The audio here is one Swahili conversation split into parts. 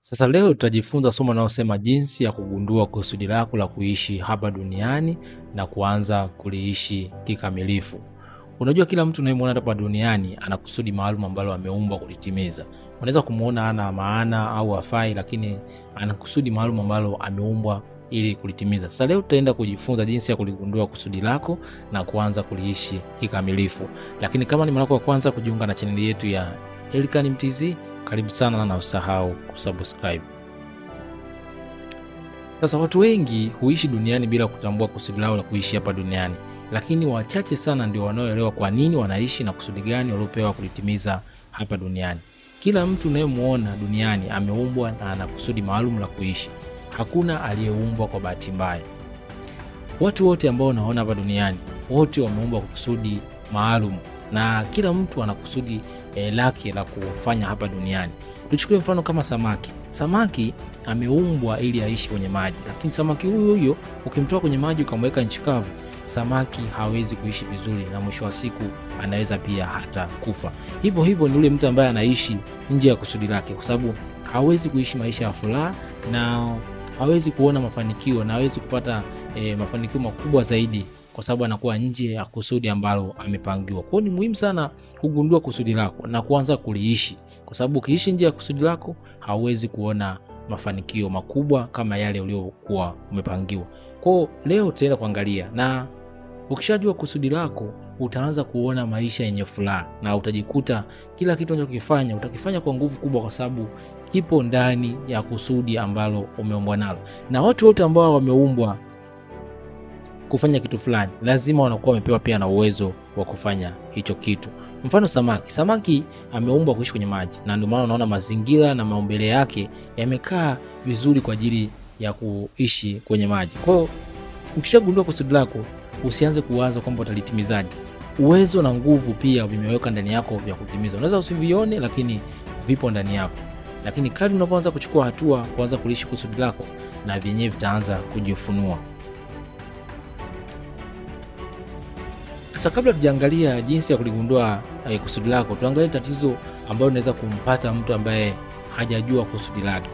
Sasa leo tutajifunza somo linalosema jinsi ya kugundua kusudi lako la kuishi hapa duniani na kuanza kuliishi kikamilifu. Unajua, kila mtu unayemwona hapa duniani ana kusudi maalum ambalo ameumbwa kulitimiza. Unaweza kumwona ana maana au afai lakini ana kusudi maalum ambalo ameumbwa ili kulitimiza. Sasa leo tutaenda kujifunza jinsi ya kuligundua kusudi lako na kuanza kuliishi kikamilifu. Lakini kama ni mara yako ya kwanza kujiunga na chaneli yetu ya Elikhan Mtz, karibu sana na usahau kusubscribe. Sasa watu wengi huishi duniani bila kutambua kusudi lao la kuishi hapa duniani, lakini wachache sana ndio wanaoelewa kwa nini wanaishi na kusudi gani waliopewa kulitimiza hapa duniani. Kila mtu unayemwona duniani ameumbwa na ana kusudi maalum la kuishi. Hakuna aliyeumbwa kwa bahati mbaya. Watu wote ambao unaona hapa duniani wote wameumbwa kwa kusudi maalum, na kila mtu ana kusudi e, eh, lake la kufanya hapa duniani. Tuchukue mfano kama samaki. Samaki ameumbwa ili aishi kwenye maji, lakini samaki huyo huyo ukimtoa kwenye maji ukamweka nchi kavu, samaki hawezi kuishi vizuri, na mwisho wa siku anaweza pia hata kufa. Hivyo hivyo ni yule mtu ambaye anaishi nje ya kusudi lake, kwa sababu hawezi kuishi maisha ya furaha na hawezi kuona mafanikio na hawezi kupata e, mafanikio makubwa zaidi kwa sababu anakuwa nje ya kusudi ambalo amepangiwa. Kwa ni muhimu sana kugundua kusudi lako na kuanza kuliishi, kwa sababu ukiishi nje ya kusudi lako hauwezi kuona mafanikio makubwa kama yale uliokuwa umepangiwa. Kwao leo tutaenda kuangalia, na ukishajua kusudi lako utaanza kuona maisha yenye furaha na utajikuta kila kitu unachokifanya utakifanya kwa nguvu kubwa, kwa sababu kipo ndani ya kusudi ambalo umeumbwa nalo. Na watu wote ambao wameumbwa kufanya kitu fulani, lazima wanakuwa wamepewa pia na uwezo wa kufanya hicho kitu. Mfano samaki, samaki ameumbwa kuishi kwenye maji, na ndio maana unaona mazingira na maumbile yake yamekaa vizuri kwa ajili ya kuishi kwenye maji. Kwa hiyo ukishagundua kusudi lako, usianze kuwaza kwamba utalitimizaje. Uwezo na nguvu pia vimeweka ndani yako vya kutimiza. Unaweza usivione, lakini vipo ndani yako. Lakini kadri unavyoanza kuchukua hatua kuanza kulishi kusudi lako, na vyenyewe vitaanza kujifunua. Sasa kabla tujaangalia jinsi ya kuligundua eh, kusudi lako, tuangalie tatizo ambayo unaweza kumpata mtu ambaye hajajua kusudi lake.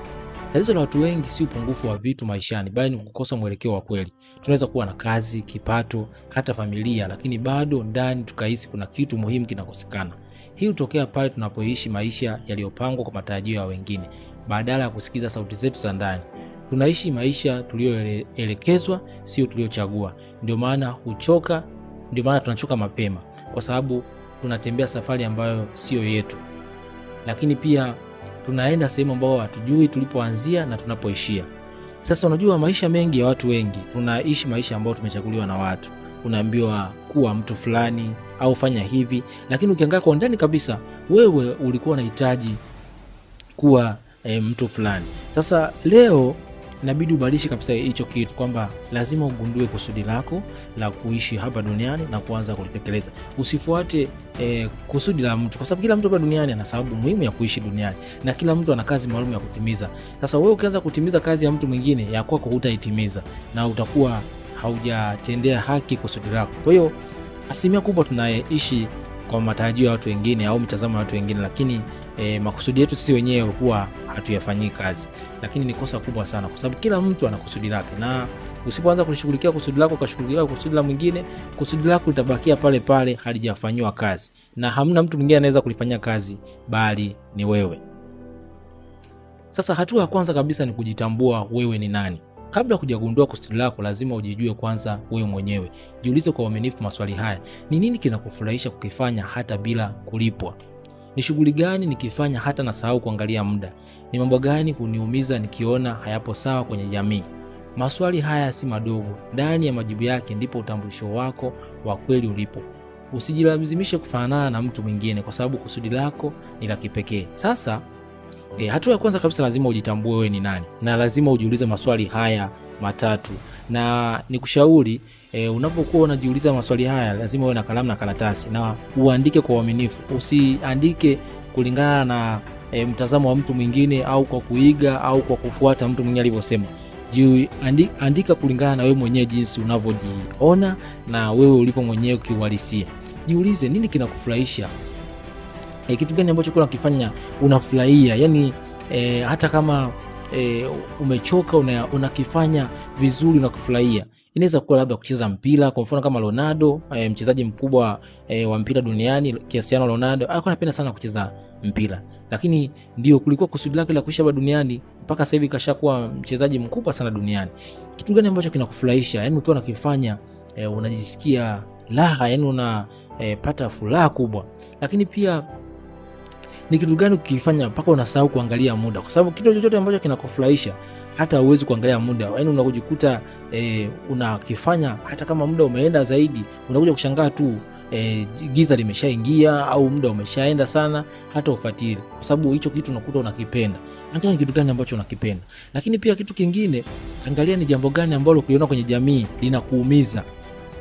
Tatizo la watu wengi si upungufu wa vitu maishani, bali ni kukosa mwelekeo wa kweli. Tunaweza kuwa na kazi, kipato, hata familia, lakini bado ndani tukahisi kuna kitu muhimu kinakosekana. Hii hutokea pale tunapoishi maisha yaliyopangwa kwa matarajio ya wengine badala ya kusikiza sauti zetu za ndani. Tunaishi maisha tuliyoelekezwa, sio tuliyochagua. Ndio maana huchoka ndio maana tunachoka mapema, kwa sababu tunatembea safari ambayo sio yetu, lakini pia tunaenda sehemu ambayo hatujui tulipoanzia na tunapoishia. Sasa unajua, maisha mengi ya watu wengi, tunaishi maisha ambayo tumechaguliwa na watu, unaambiwa kuwa mtu fulani au fanya hivi, lakini ukiangaa kwa undani kabisa, wewe ulikuwa unahitaji kuwa e, mtu fulani. Sasa leo inabidi ubadilishe kabisa hicho kitu, kwamba lazima ugundue kusudi lako la kuishi hapa duniani na kuanza kulitekeleza. Usifuate eh, kusudi la mtu, kwa sababu kila mtu hapa duniani ana sababu muhimu ya kuishi duniani na kila mtu ana kazi maalum ya kutimiza. Sasa wewe ukianza kutimiza kazi ya mtu mwingine, ya kwako hutaitimiza na utakuwa haujatendea haki kusudi lako. Kwa hiyo asilimia kubwa tunaishi kwa matarajio ya watu wengine au mtazamo wa watu wengine, lakini e, makusudi yetu sisi wenyewe huwa hatuyafanyii kazi, lakini ni kosa kubwa sana, kwa sababu kila mtu ana kusudi lake, na usipoanza kulishughulikia kusudi lako ukashughulikia kusudi la mwingine, kusudi lako litabakia pale pale halijafanyiwa kazi, na hamna mtu mwingine anaweza kulifanyia kazi bali ni wewe. Sasa hatua ya kwanza kabisa ni kujitambua wewe ni nani. Kabla kujagundua kusudi lako, lazima ujijue kwanza wewe mwenyewe. Jiulize kwa uaminifu maswali haya: ni nini kinakufurahisha kukifanya hata bila kulipwa? Ni shughuli gani nikifanya hata nasahau kuangalia muda? Ni mambo gani huniumiza nikiona hayapo sawa kwenye jamii? Maswali haya si madogo. Ndani ya majibu yake ndipo utambulisho wako wa kweli ulipo. Usijilazimishe kufanana na mtu mwingine, kwa sababu kusudi lako ni la kipekee. Sasa E, hatua ya kwanza kabisa lazima ujitambue wewe ni nani, na lazima ujiulize maswali haya matatu, na nikushauri e, unapokuwa unajiuliza maswali haya lazima uwe na kalamu na karatasi na uandike kwa uaminifu. Usiandike kulingana na e, mtazamo wa mtu mwingine au kwa kuiga au kwa kufuata mtu mwingine alivyosema. Andi, andika kulingana na wewe mwenyewe jinsi unavyojiona na wewe ulivyo mwenyewe kiuhalisia. Jiulize nini kinakufurahisha E, kitu gani ambacho unakifanya unafurahia? Yani e, eh, hata kama e, umechoka unakifanya una vizuri unakufurahia. Inaweza kuwa labda kucheza mpira kwa mfano kama Ronaldo e, mchezaji mkubwa e, wa mpira duniani kiasiano Ronaldo alikuwa anapenda sana kucheza mpira, lakini ndio kulikuwa kusudi lake la kuisha hapa duniani mpaka sasa hivi kashakuwa mchezaji mkubwa sana duniani. Kitu gani ambacho kinakufurahisha? Yani ukiwa unakifanya e, unajisikia raha, yani unapata e, furaha kubwa, lakini pia ni kitu gani ukifanya mpaka unasahau kuangalia muda, kwa sababu kitu chochote ambacho kinakufurahisha hata uwezi kuangalia muda, yani unakujikuta e, unakifanya hata kama muda umeenda zaidi, unakuja kushangaa tu e, giza limeshaingia au muda umeshaenda sana, hata ufuatilie, kwa sababu hicho kitu unakuta unakipenda. Angalia ni kitu gani ambacho unakipenda. Lakini pia kitu kingine, angalia ni jambo gani ambalo ukiona kwenye jamii linakuumiza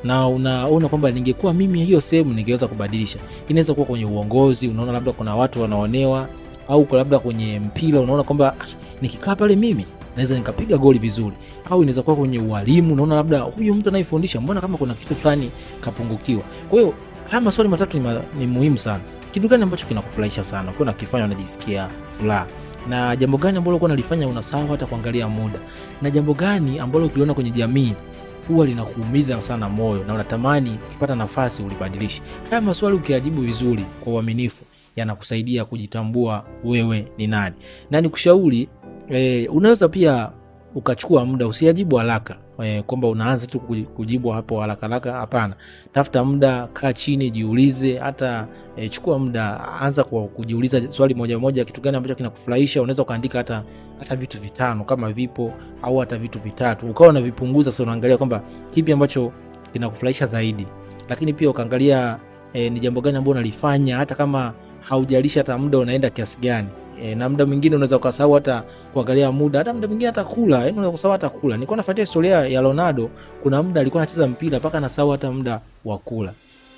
na unaona kwamba ningekuwa mimi hiyo sehemu ningeweza kubadilisha. Inaweza kuwa kwenye uongozi, unaona labda kuna watu wanaonewa, au labda kwenye mpira unaona kwamba ah, nikikaa pale mimi naweza nikapiga goli vizuri, au inaweza kuwa kwenye ualimu, unaona labda huyu mtu anayefundisha, mbona kama kuna kitu fulani kapungukiwa. Kwa hiyo haya maswali matatu ni, ma, ni muhimu sana. Kitu gani ambacho kinakufurahisha sana ukiwa nakifanya unajisikia furaha na jambo gani ambalo ulikuwa unalifanya unasahau hata kuangalia muda, na jambo gani ambalo ukiliona kwenye jamii huwa linakuumiza sana moyo na unatamani ukipata nafasi ulibadilishe. Haya maswali ukiyajibu vizuri kwa uaminifu yanakusaidia kujitambua wewe ni nani, na nikushauri e, unaweza pia ukachukua muda. Usiajibu haraka e, kwamba unaanza tu kujibu hapo harakaraka Hapana, tafuta muda, kaa chini, jiulize. Hata e, chukua muda, anza kwa kujiuliza swali moja moja, kitu gani ambacho kinakufurahisha. Unaweza ukaandika hata hata vitu vitano kama vipo, au hata vitu vitatu, ukawa unavipunguza. Sasa unaangalia kwamba kipi ambacho kinakufurahisha zaidi, lakini pia ukaangalia e, ni jambo gani ambao unalifanya hata kama haujalishi hata muda unaenda kiasi gani. E, na muda mwingine unaweza ukasahau hata kuangalia muda, hata muda mwingine hata kula, yani eh, unaweza kusahau hata kula. Nilikuwa nafuatia historia ya Ronaldo, kuna muda alikuwa anacheza mpira mpaka anasahau hata muda wa kula.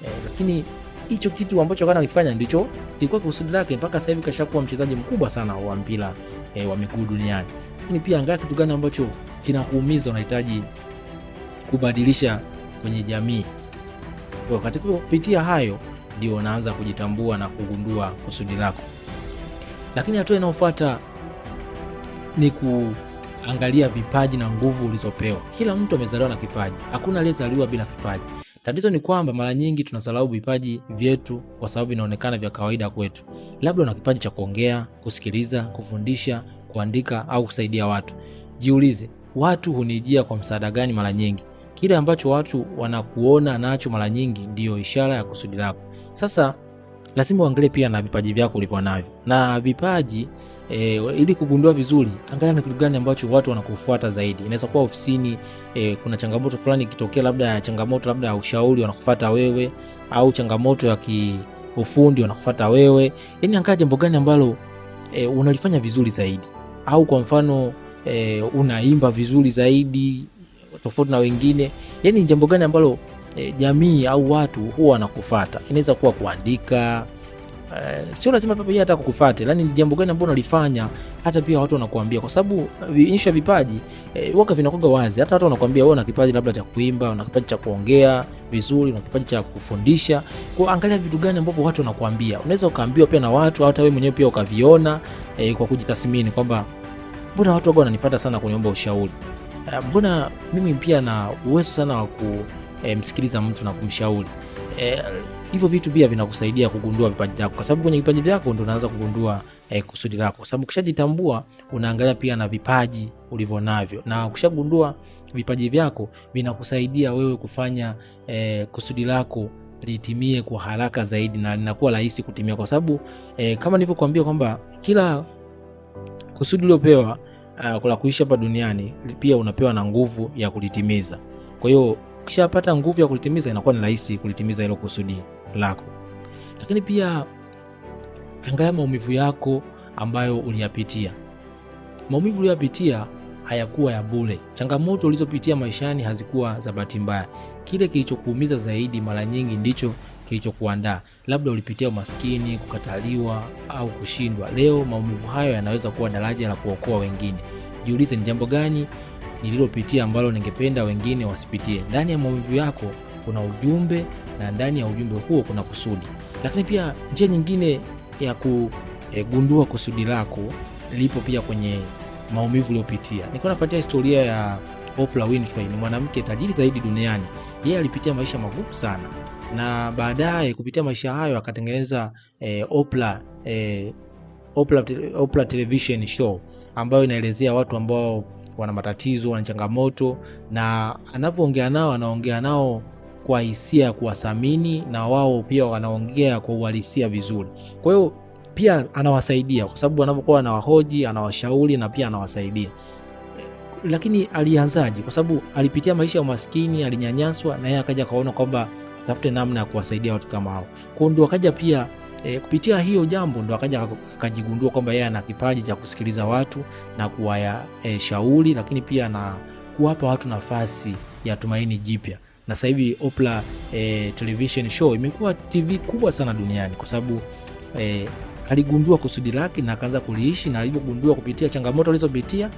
E, lakini hicho kitu ambacho kana kifanya ndicho kilikuwa kusudi lake, mpaka sasa hivi kashakuwa mchezaji mkubwa sana wa mpira e, wa miguu duniani. Lakini pia angalia kitu gani ambacho kinakuumiza, unahitaji kubadilisha kwenye jamii. Kwa katika kupitia hayo ndio unaanza kujitambua na kugundua kusudi lako. Lakini hatua inayofuata ni kuangalia vipaji na nguvu ulizopewa. Kila mtu amezaliwa na kipaji, hakuna aliyezaliwa bila kipaji. Tatizo ni kwamba mara nyingi tunasalau vipaji vyetu kwa sababu inaonekana vya kawaida kwetu. Labda una kipaji cha kuongea, kusikiliza, kufundisha, kuandika au kusaidia watu. Jiulize, watu hunijia kwa msaada gani? Mara nyingi kile ambacho watu wanakuona nacho mara nyingi ndiyo ishara ya kusudi lako. Sasa lazima uangalie pia na vipaji vyako ulikuwa navyo na vipaji E, ili kugundua vizuri, angalia ni kitu gani ambacho watu wanakufuata zaidi. Inaweza kuwa ofisini, e, kuna changamoto fulani ikitokea, labda ya changamoto labda ya ushauri wanakufuata wewe, au changamoto ya kiufundi wanakufuata wewe. Yani angalia jambo gani ambalo e, unalifanya vizuri zaidi, au kwa mfano e, unaimba vizuri zaidi tofauti na wengine, yani jambo gani ambalo e, jamii au watu huwa wanakufata. Inaweza kuwa kuandika e, sio lazima pia hata kukufata, yani ni jambo gani ambalo unalifanya, hata pia watu wanakuambia, kwa sababu e, vionyesha vipaji e, waka vinakoga wazi. Hata watu wanakuambia wewe una kipaji labda cha kuimba, una kipaji cha kuongea vizuri, una kipaji cha kufundisha. Kwa angalia vitu gani ambapo watu wanakuambia, unaweza ukaambiwa pia na watu, hata wewe mwenyewe pia ukaviona e, kwa kujitathmini kwamba mbona watu waga wananifuata sana kuniomba ushauri, e, mbona mimi pia na uwezo sana wa ku e, msikiliza mtu na kumshauri e, hivyo vitu pia vinakusaidia kugundua vipaji vyako, kwa sababu kwenye vipaji vyako ndo unaanza kugundua e, kusudi lako, kwa sababu ukishajitambua unaangalia pia na vipaji ulivyo navyo na ukishagundua vipaji vyako vinakusaidia wewe kufanya e, kusudi lako litimie kwa haraka zaidi na linakuwa rahisi kutimia, kwa sababu e, kama nilivyokuambia kwamba kila kusudi uliopewa uh, la kuishi hapa duniani pia unapewa na nguvu ya kulitimiza. Kwa hiyo ukishapata nguvu ya kulitimiza inakuwa ni rahisi kulitimiza hilo kusudi lako. Lakini pia angalia maumivu yako ambayo uliyapitia. Maumivu uliyopitia hayakuwa ya bure. Changamoto ulizopitia maishani hazikuwa za bahati mbaya. Kile kilichokuumiza zaidi mara nyingi ndicho kilichokuandaa. Labda ulipitia umaskini, kukataliwa au kushindwa. Leo maumivu hayo yanaweza kuwa daraja la kuokoa wengine. Jiulize, ni jambo gani nililopitia ambalo ningependa wengine wasipitie. Ndani ya maumivu yako kuna ujumbe, na ndani ya ujumbe huo kuna kusudi. Lakini pia njia nyingine ya kugundua eh, kusudi lako lipo pia kwenye maumivu uliopitia. Nilikuwa nafuatia historia ya Oprah Winfrey, ni mwanamke tajiri zaidi duniani. Yeye alipitia maisha magumu sana, na baadaye kupitia maisha hayo akatengeneza eh, Oprah eh, Oprah television show ambayo inaelezea watu ambao wana matatizo, wana changamoto, na anavyoongea nao anaongea nao kwa hisia ya kuwathamini, na wao pia wanaongea kwa uhalisia vizuri. Kwa hiyo pia anawasaidia kwa sababu anapokuwa anawahoji, anawashauri na pia anawasaidia. Lakini alianzaji Kwa sababu alipitia maisha ya umaskini, alinyanyaswa, na yeye akaja kaona kwamba atafute namna ya kuwasaidia watu kama hao, kwa ndio akaja pia E, kupitia hiyo jambo ndo akaja akajigundua kwamba yeye ana kipaji cha kusikiliza watu na kuwaya e, lakini pia na kuwapa watu nafasi ya tumaini jipya. Na sasa hivi Oprah e, television show imekuwa TV kubwa sana duniani kwa sababu e, aligundua kusudi lake na akaanza kuliishi, na alivyogundua kupitia changamoto alizopitia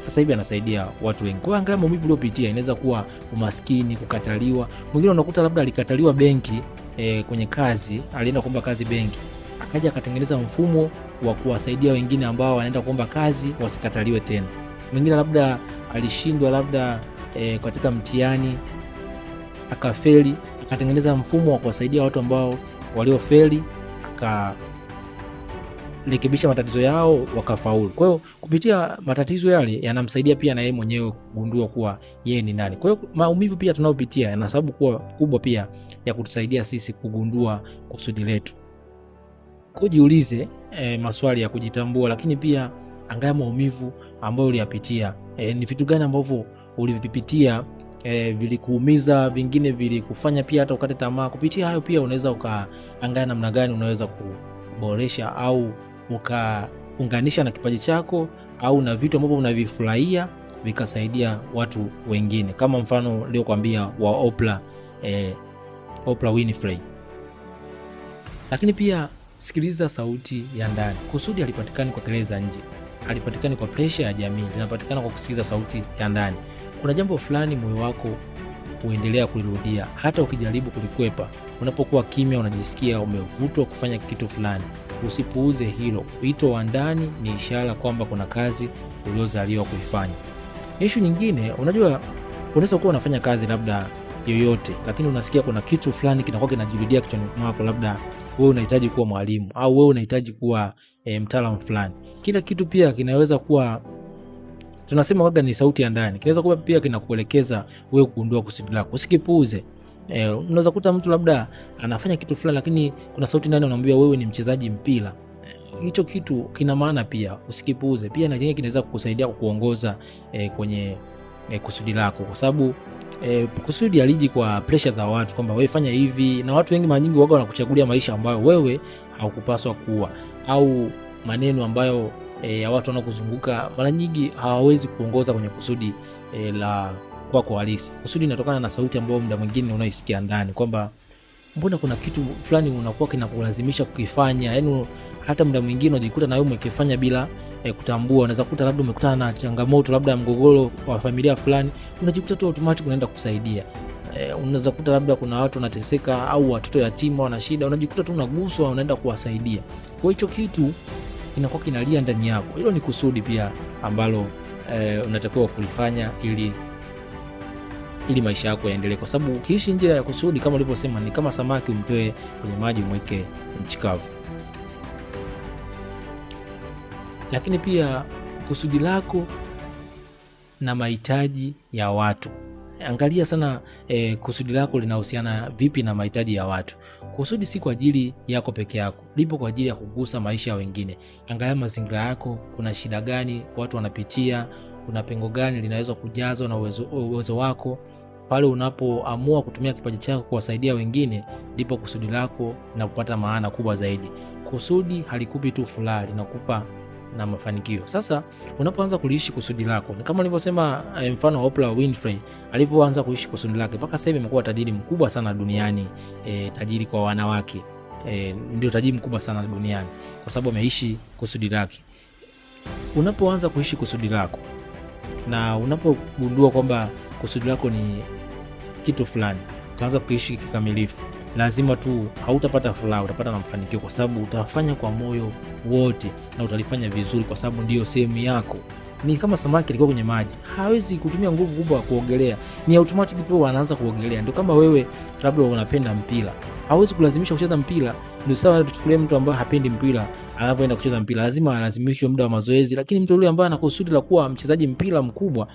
sasa hivi anasaidia watu wengi. Kwa angalia maumivu uliopitia, inaweza kuwa umaskini, kukataliwa. Mwingine unakuta labda alikataliwa benki e, kwenye kazi, alienda kuomba kazi benki, akaja akatengeneza mfumo wa kuwasaidia wengine ambao wanaenda kuomba kazi wasikataliwe tena. Mwingine labda alishindwa labda e, katika mtihani akafeli, akatengeneza mfumo wa kuwasaidia watu ambao waliofeli aka kurekebisha matatizo yao wakafaulu. Kwa hiyo kupitia matatizo yale yanamsaidia pia na yeye mwenyewe kugundua kuwa yeye ni nani. Kwa hiyo maumivu pia tunayopitia yana sababu kuwa kubwa pia ya kutusaidia sisi kugundua kusudi letu. Kujiulize e, eh, maswali ya kujitambua, lakini pia angalia maumivu ambayo uliyapitia. E, ni vitu gani ambavyo ulivipitia E, vilikuumiza, vingine vilikufanya pia hata ukate tamaa. Kupitia hayo pia unaweza ukaangalia namna gani unaweza kuboresha au ukaunganisha na kipaji chako au na vitu ambavyo unavifurahia vikasaidia watu wengine, kama mfano liokwambia wa opla, eh, opla Winfrey. Lakini pia sikiliza sauti ya ndani. Kusudi halipatikani kwa kelele za nje, alipatikani kwa presha ya jamii, linapatikana kwa kusikiliza sauti ya ndani. Kuna jambo fulani moyo wako huendelea kulirudia hata ukijaribu kulikwepa. Unapokuwa kimya, unajisikia umevutwa kufanya kitu fulani usipuuze hilo. Wito wa ndani ni ishara kwamba kuna kazi uliozaliwa kuifanya. Ishu nyingine, unajua unaweza kuwa unafanya kazi labda yoyote, lakini unasikia kuna kitu fulani kinakuwa kinajirudia kichwani mwako, labda wewe unahitaji kuwa mwalimu au wewe unahitaji kuwa e, mtaalamu fulani. Kila kitu pia kinaweza kuwa tunasema waga ni sauti ya ndani, kinaweza kuwa pia kinakuelekeza wewe kugundua kusudi lako, usikipuuze. Eh, unaweza kuta mtu labda anafanya kitu fulani, lakini kuna sauti ndani unamwambia wewe ni mchezaji mpira. Eh, hicho kitu kina maana pia, usikipuuze. Pia na chenyewe kinaweza kukusaidia kukuongoza eh, kwenye eh, kusudi lako, kwa sababu eh, kusudi aliji kwa pressure za watu kwamba wewe fanya hivi, na watu wengi mara nyingi waga wanakuchagulia maisha ambayo wewe haukupaswa kuwa, au maneno ambayo eh, ya watu wanaokuzunguka mara nyingi hawawezi kuongoza kwenye kusudi e, la kwako halisi. Kusudi inatokana na sauti ambayo muda mwingine unaoisikia ndani kwamba mbona kuna kitu fulani unakuwa kinakulazimisha kukifanya, yaani hata muda mwingine unajikuta na wewe umekifanya bila eh, kutambua. Unaweza kuta labda umekutana na changamoto labda mgogoro wa familia fulani, unajikuta tu automatic unaenda kusaidia. Eh, unaweza kuta labda kuna watu wanateseka au watoto yatima wana shida, unajikuta tu unaguswa, unaenda kuwasaidia. Kwa hicho kitu kinakuwa kinalia ndani yako. Hilo ni kusudi pia ambalo eh, unatakiwa kulifanya ili ili maisha yako yaendelee, kwa sababu ukiishi njia ya kusudi kama ulivyosema, ni kama samaki umtoe kwenye maji umweke nchi kavu. Lakini pia kusudi lako na mahitaji ya watu Angalia sana e, kusudi lako linahusiana vipi na mahitaji ya watu. Kusudi si kwa ajili yako peke yako, lipo kwa ajili ya kugusa maisha ya wengine. Angalia mazingira yako, kuna shida gani watu wanapitia, kuna pengo gani linaweza kujazwa na uwezo, uwezo wako pale unapoamua kutumia kipaji chako kuwasaidia wengine, ndipo kusudi lako na kupata maana kubwa zaidi. Kusudi halikupi tu furaha, linakupa na mafanikio. Sasa unapoanza kuliishi kusudi lako, ni kama nilivyosema, eh, mfano wa Oprah Winfrey alivyoanza kuishi kusudi lake, mpaka sasa hivi amekuwa tajiri mkubwa sana duniani, e, tajiri kwa wanawake e, ndio tajiri mkubwa sana duniani kwa sababu ameishi kusudi lake. Unapoanza kuishi kusudi lako na unapogundua kwamba kusudi lako ni kitu fulani ukaanza kuishi kikamilifu, lazima tu hautapata furaha, utapata na mafanikio, kwa sababu utafanya kwa moyo wote na utalifanya vizuri, kwa sababu ndiyo sehemu yako. Ni kama samaki alikuwa kwenye maji, hawezi kutumia nguvu kubwa ya kuogelea, ni automatic tu anaanza kuogelea. Ndio kama wewe labda unapenda mpira, hawezi kulazimisha kucheza mpira. Ndio sawa, tuchukulie mtu ambaye hapendi mpira anapoenda kucheza mpira, lazima alazimishwe muda wa mazoezi, lakini mtu yule ambaye anakusudi la kuwa mchezaji mpira mkubwa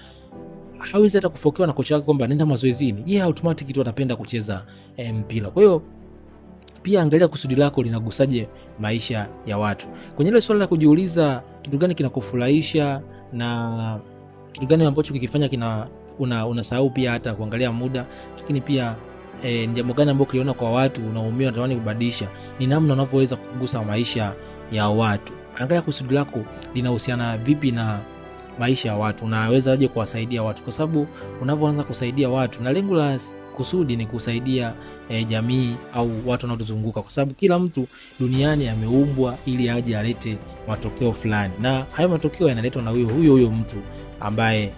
hawezi hata kufokewa na kocha wake kwamba anaenda mazoezini, yeye yeah, automatic tu anapenda kucheza eh, mpira. Kwa hiyo pia angalia kusudi lako linagusaje maisha ya watu. Kwenye ile swala la kujiuliza kitu gani kinakufurahisha na kitu gani ambacho kikifanya kina una unasahau pia hata kuangalia muda, lakini pia e, ni jambo gani ambalo uliona kwa watu unaumia, unatamani kubadilisha, ni namna unavyoweza kugusa maisha ya watu. Angalia kusudi lako linahusiana vipi na maisha ya watu, unawezaje kuwasaidia watu, kwa sababu unavyoanza kusaidia watu, na lengo la kusudi ni kusaidia e, jamii au watu wanaotuzunguka, kwa sababu kila mtu duniani ameumbwa ili aje alete matokeo fulani, na hayo matokeo yanaletwa na huyo huyo huyo mtu ambaye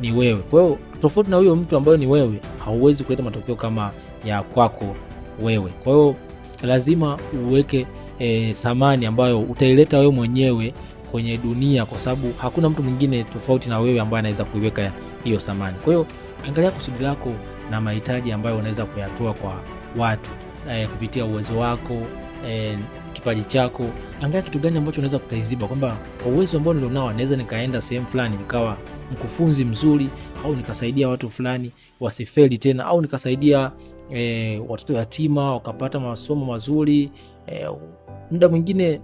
ni wewe. Kwa hiyo tofauti na huyo mtu ambaye ni wewe, hauwezi kuleta matokeo kama ya kwako wewe. Kwa hiyo lazima uweke e, thamani ambayo utaileta wewe mwenyewe kwenye dunia, kwa sababu hakuna mtu mwingine tofauti na wewe ambaye anaweza kuiweka hiyo samani Kwa hiyo angalia kusudi lako na mahitaji ambayo unaweza kuyatoa kwa watu eh, kupitia uwezo wako eh, kipaji chako. Angalia kitu gani ambacho unaweza kukaiziba kwamba kwa uwezo ambao nilionao naweza nikaenda sehemu fulani nikawa mkufunzi mzuri, au nikasaidia watu fulani wasifeli tena, au nikasaidia eh, watoto yatima wakapata masomo mazuri eh, muda mwingine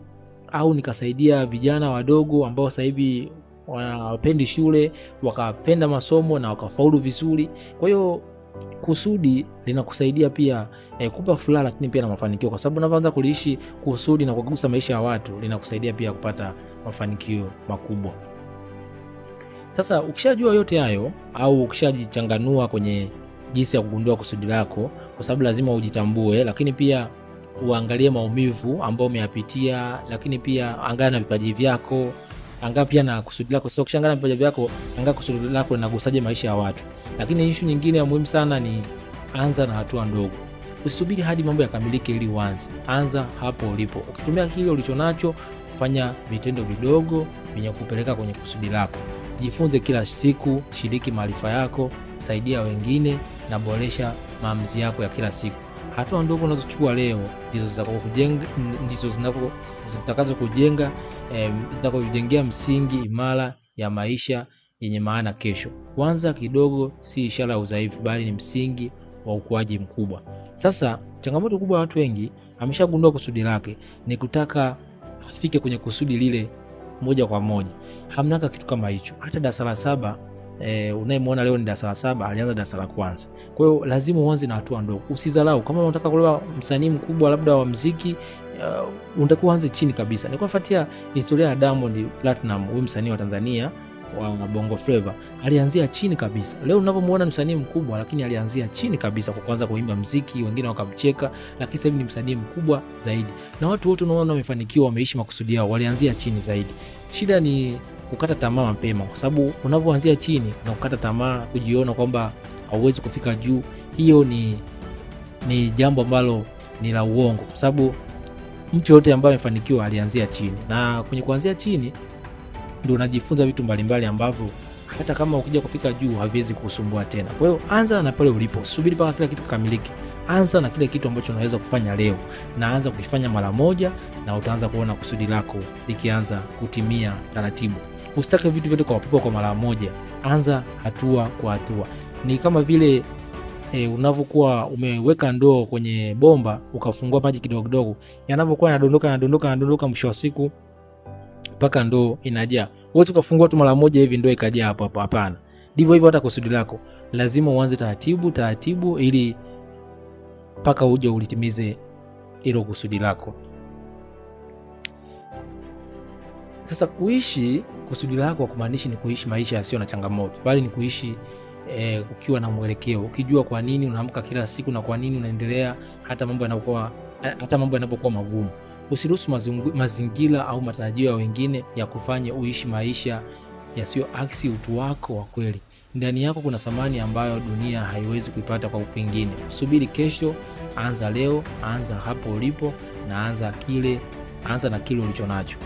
au nikasaidia vijana wadogo ambao sasa hivi wanapendi shule wakapenda masomo na wakafaulu vizuri. Kwa hiyo kusudi linakusaidia pia eh, kupa furaha lakini pia na mafanikio, kwa sababu unapoanza kuliishi kusudi na kugusa maisha ya watu linakusaidia pia kupata mafanikio makubwa. Sasa ukishajua yote hayo au ukishajichanganua kwenye jinsi ya kugundua kusudi lako, kwa sababu lazima ujitambue, lakini pia uangalie maumivu ambayo umeyapitia, lakini pia angalia na vipaji vyako, angaa pia na kusudi lako. Sio kushangaa na vipaji vyako, angaa kusudi lako linagusaje maisha ya watu. Lakini ishu nyingine ya muhimu sana ni anza na hatua ndogo. Usisubiri hadi mambo yakamilike ili uanze, anza hapo ulipo. Ukitumia kile ulichonacho fanya vitendo vidogo vyenye kupeleka kwenye kusudi lako. Jifunze kila siku, shiriki maarifa yako, saidia wengine na boresha maamuzi yako ya kila siku hatua ndogo unazochukua leo ndizo zitakazo kujenga zitakazojengea msingi imara ya maisha yenye maana kesho. Kwanza kidogo si ishara ya udhaifu, bali ni msingi wa ukuaji mkubwa. Sasa changamoto kubwa ya watu wengi, ameshagundua kusudi lake ni kutaka afike kwenye kusudi lile moja kwa moja. Hamnaka kitu kama hicho. Hata darasa la saba e, unayemwona leo ni darasa la saba alianza darasa la kwanza. Kwa hiyo lazima uanze na hatua ndogo, usizalau Kama unataka kulewa msanii mkubwa labda wa mziki uh, unatakiwa uanze chini kabisa. Nikufuatia historia ya Diamond Platinum, huyu msanii wa Tanzania wa Bongo Flava alianzia chini kabisa. Leo unavyomuona msanii mkubwa, lakini alianzia chini kabisa kwa kwanza kuimba mziki, wengine wakamcheka, lakini sasa ni msanii mkubwa zaidi. Na watu wote unaona wamefanikiwa, wameishi makusudi yao, walianzia chini zaidi. Shida ni kukata tamaa mapema, kwa sababu unapoanzia chini na kukata tamaa, kujiona kwamba hauwezi kufika juu, hiyo ni, ni jambo ambalo ni la uongo, kwa sababu mtu yoyote ambaye amefanikiwa alianzia chini, na kwenye kuanzia chini ndio unajifunza vitu mbalimbali ambavyo hata kama ukija kufika juu haviwezi kusumbua tena. Kwa hiyo anza na pale ulipo, subiri mpaka kila kitu kikamilike. Anza na kile kitu ambacho unaweza kufanya leo, na anza kukifanya mara moja, na utaanza kuona kusudi lako likianza kutimia taratibu. Usitake vitu vyote kwa watoto kwa mara moja, anza hatua kwa hatua. Ni kama vile e, unavyokuwa umeweka ndoo kwenye bomba ukafungua maji kidogo kidogo, yanavyokuwa yanadondoka yanadondoka yanadondoka, mwisho wa siku mpaka ndoo inajaa. Huwezi ukafungua tu mara moja hivi ndoo ikajaa hapo hapo, hapana. Ndivyo hivyo hata kusudi lako, lazima uanze taratibu taratibu, ili mpaka uje ulitimize hilo kusudi lako. Sasa kuishi kusudi lako hakumaanishi ni kuishi maisha yasiyo na changamoto, bali ni kuishi e, ukiwa na mwelekeo, ukijua kwa nini unaamka kila siku na kwa nini unaendelea hata mambo yanapokuwa hata mambo yanapokuwa magumu. Usiruhusu mazingira au matarajio ya wengine ya kufanya uishi maisha yasiyo aksi utu wako wa kweli. Ndani yako kuna samani ambayo dunia haiwezi kuipata kwa upingine Subiri kesho, anza leo, anza hapo ulipo na anza kile, anza na kile ulicho nacho.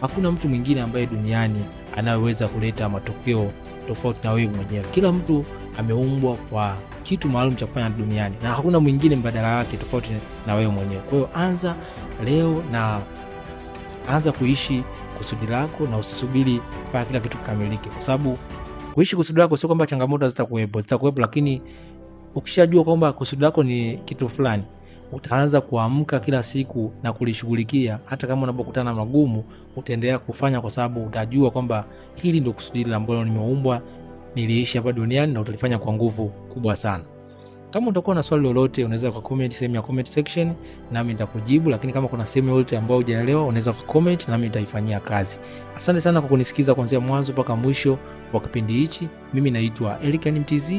Hakuna mtu mwingine ambaye duniani anayeweza kuleta matokeo tofauti na wewe mwenyewe. Kila mtu ameumbwa kwa kitu maalum cha kufanya duniani na hakuna mwingine mbadala wake tofauti na wewe mwenyewe. Kwa hiyo anza leo na anza kuishi kusudi lako na usisubiri mpaka kila kitu kikamilike, kwa sababu kuishi kusudi lako sio kwamba changamoto zitakuwepo, zitakuwepo, lakini ukishajua kwamba kusudi lako ni kitu fulani utaanza kuamka kila siku na kulishughulikia. Hata kama unapokutana na magumu, utaendelea kufanya, kwa sababu utajua kwamba hili ndio kusudi ambalo nimeumbwa, niliishi hapa duniani, na utalifanya kwa nguvu kubwa sana. Kama utakuwa na swali lolote, unaweza kwa comment sehemu ya comment section, nami nitakujibu. Lakini kama kuna sehemu yoyote ambayo hujaelewa, unaweza kwa comment, nami nitaifanyia kazi. Asante sana kwa kunisikiliza kuanzia mwanzo mpaka mwisho wa kipindi hichi. Mimi naitwa Elikhan Mtz.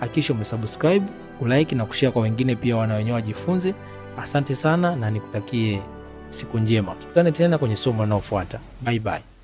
Hakikisha umesubscribe kulike na kushia kwa wengine pia wana wajifunze. Asante sana na nikutakie siku njema, tukutane tena kwenye somo linaofuata Bye bye.